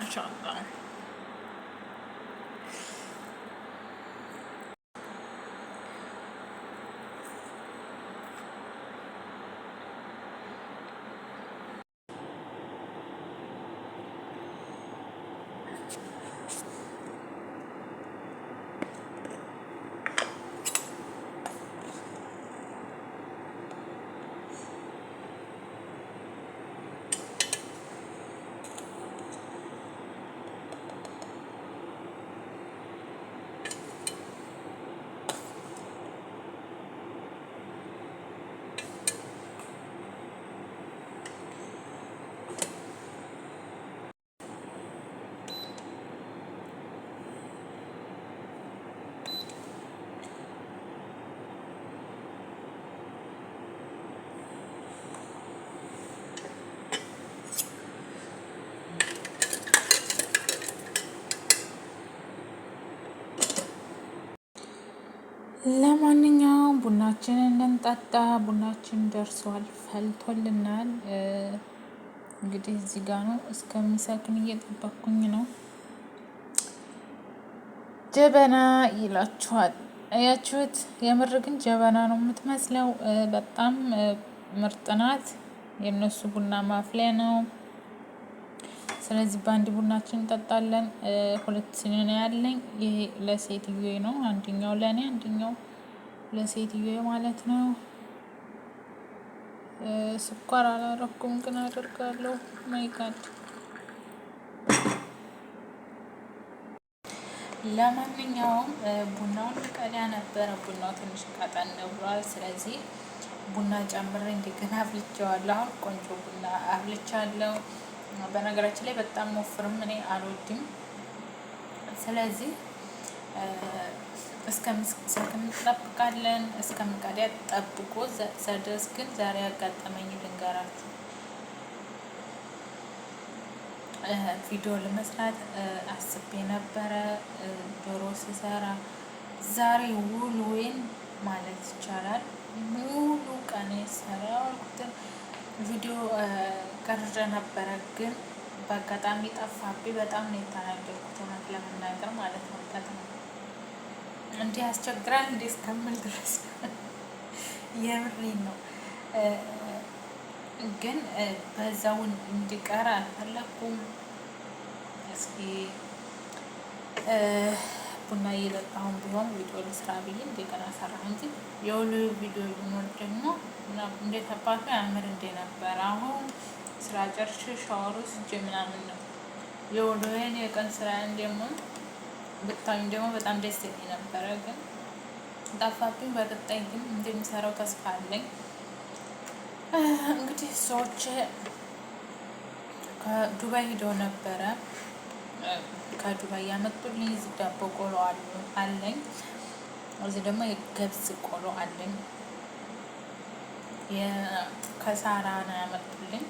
啊，差不 ቡናችን እንጠጣ። ቡናችን ደርሷል፣ ፈልቶልናል። እንግዲህ እዚህ ጋ ነው እስከሚሰክን እየጠበኩኝ ነው። ጀበና ይላችኋል። አያችሁት? የምር ግን ጀበና ነው የምትመስለው። በጣም ምርጥ ናት። የእነሱ ቡና ማፍሊያ ነው። ስለዚህ በአንድ ቡናችን እንጠጣለን። ሁለት ስኒ ነው ያለኝ። ይሄ ለሴትዮ ነው። አንድኛው ለእኔ አንድኛው ለሴትዮ ማለት ነው። ስኳር አላረኩም ግን አደርጋለሁ። ማይጋድ ለማንኛውም ቡናውን ቀዳ ነበረ። ቡናው ትንሽ ቀጠን ብሏል። ስለዚህ ቡና ጨምሬ እንደገና አፍልቼዋለሁ። አሁን ቆንጆ ቡና አፍልቻለሁ። በነገራችን ላይ በጣም ወፍርም እኔ አልወድም። ስለዚህ እስከምንጠብቃለን እስከምንቀዲያ ጠብቆ ዘድረስ ግን ዛሬ ያጋጠመኝ ልንገራችሁ። ቪዲዮ ለመስራት አስቤ ነበረ ዶሮ ስሰራ። ዛሬ ውሎዬን ማለት ይቻላል ሙሉ ቀን የሰራሁትን ቪዲዮ ቀርጬ ነበረ፣ ግን በአጋጣሚ ጠፋብኝ። በጣም ነው የተናደድኩት ለመናገር ማለት ነው። እንዲህ ያስቸግራል እንዲህ እስከምል ድረስ የምሬን ነው። ግን በዛውን እንዲቀር አልፈለኩም። እስኪ ቡና እየለቃሁን ቢሆን ቪዲዮ ልስራ ብዬ እንደገና ሰራ እንጂ የሆኑ ቪዲዮ ቢኖር ደግሞ እንዴት አባቱ ያምር እንደነበረ አሁን ስራ ጨርሼ ሻወር ወስጄ ምናምን ነው የውሎዬን የቀን ስራ እንደሞ ብታዩኝ ደግሞ በጣም ደስ የሚል ነበረ፣ ግን ጠፋብኝ። በቀጣይ ግን እንደሚሰራው ተስፋ አለኝ። እንግዲህ ሰዎች ከዱባይ ሂደው ነበረ። ከዱባይ ያመጡልኝ እዚህ ዳቦ ቆሎ አለኝ፣ እዚህ ደግሞ የገብስ ቆሎ አለኝ። ከሳራ ነው ያመጡልኝ።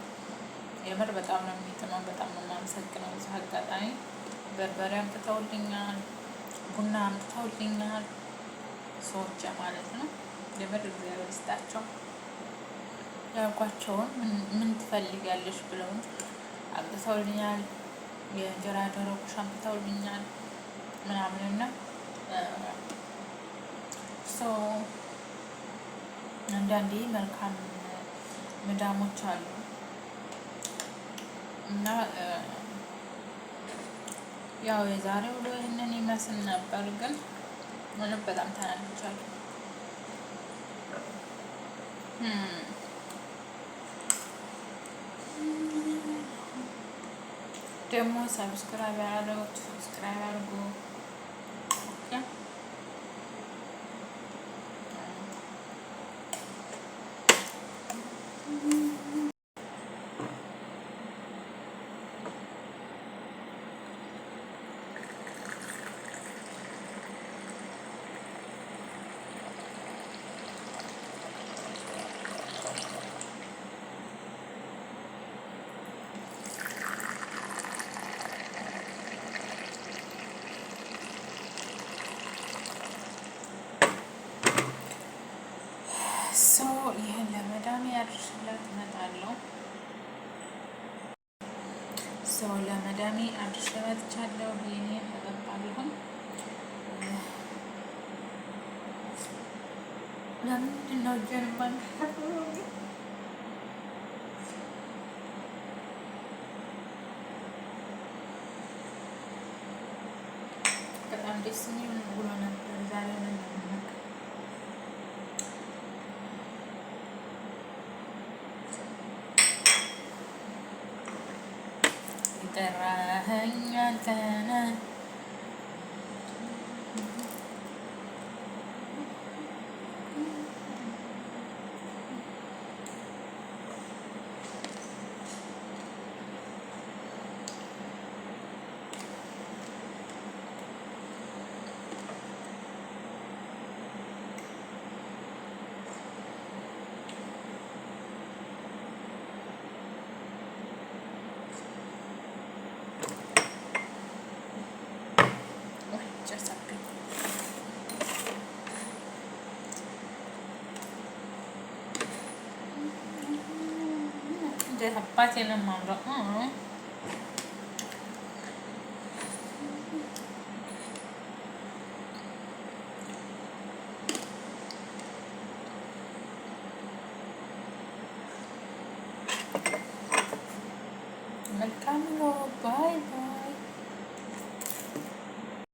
የምር በጣም ነው የሚጥመው። በጣም ነው የማመሰግነው እዚህ አጋጣሚ በርበሬ አምጥተውልኛል፣ ቡና አምጥተውልኛል ሰዎች ማለት ነው። የምር እግዚአብሔር ይስጣቸው። ያልኳቸውን ምን ትፈልጋለች ብለው አምጥተውልኛል። የእንጀራ ደረቆሽ አምጥተውልኛል ምናምንና አንዳንዴ መልካም መዳሞች አሉ እና ያው የዛሬው ውሎ ይህንን ይመስል ነበር፣ ግን ምንም በጣም ተናድቻለሁ። hmm. ደግሞ ሰብስክራይብ ያለው ሰብስክራይብ አድርጉ። ሰው ለመዳሜ አዲስ ተመጥቻለሁ። ይኔ ተጠባለሁም ለምንድን ነው ጀርባን በጣም ደስ የሚል ውሎ ነበር ዛሬ የጠራኸኝ አንተነህ சப்பாத்தி எல்லாம் பண்ணுறோம்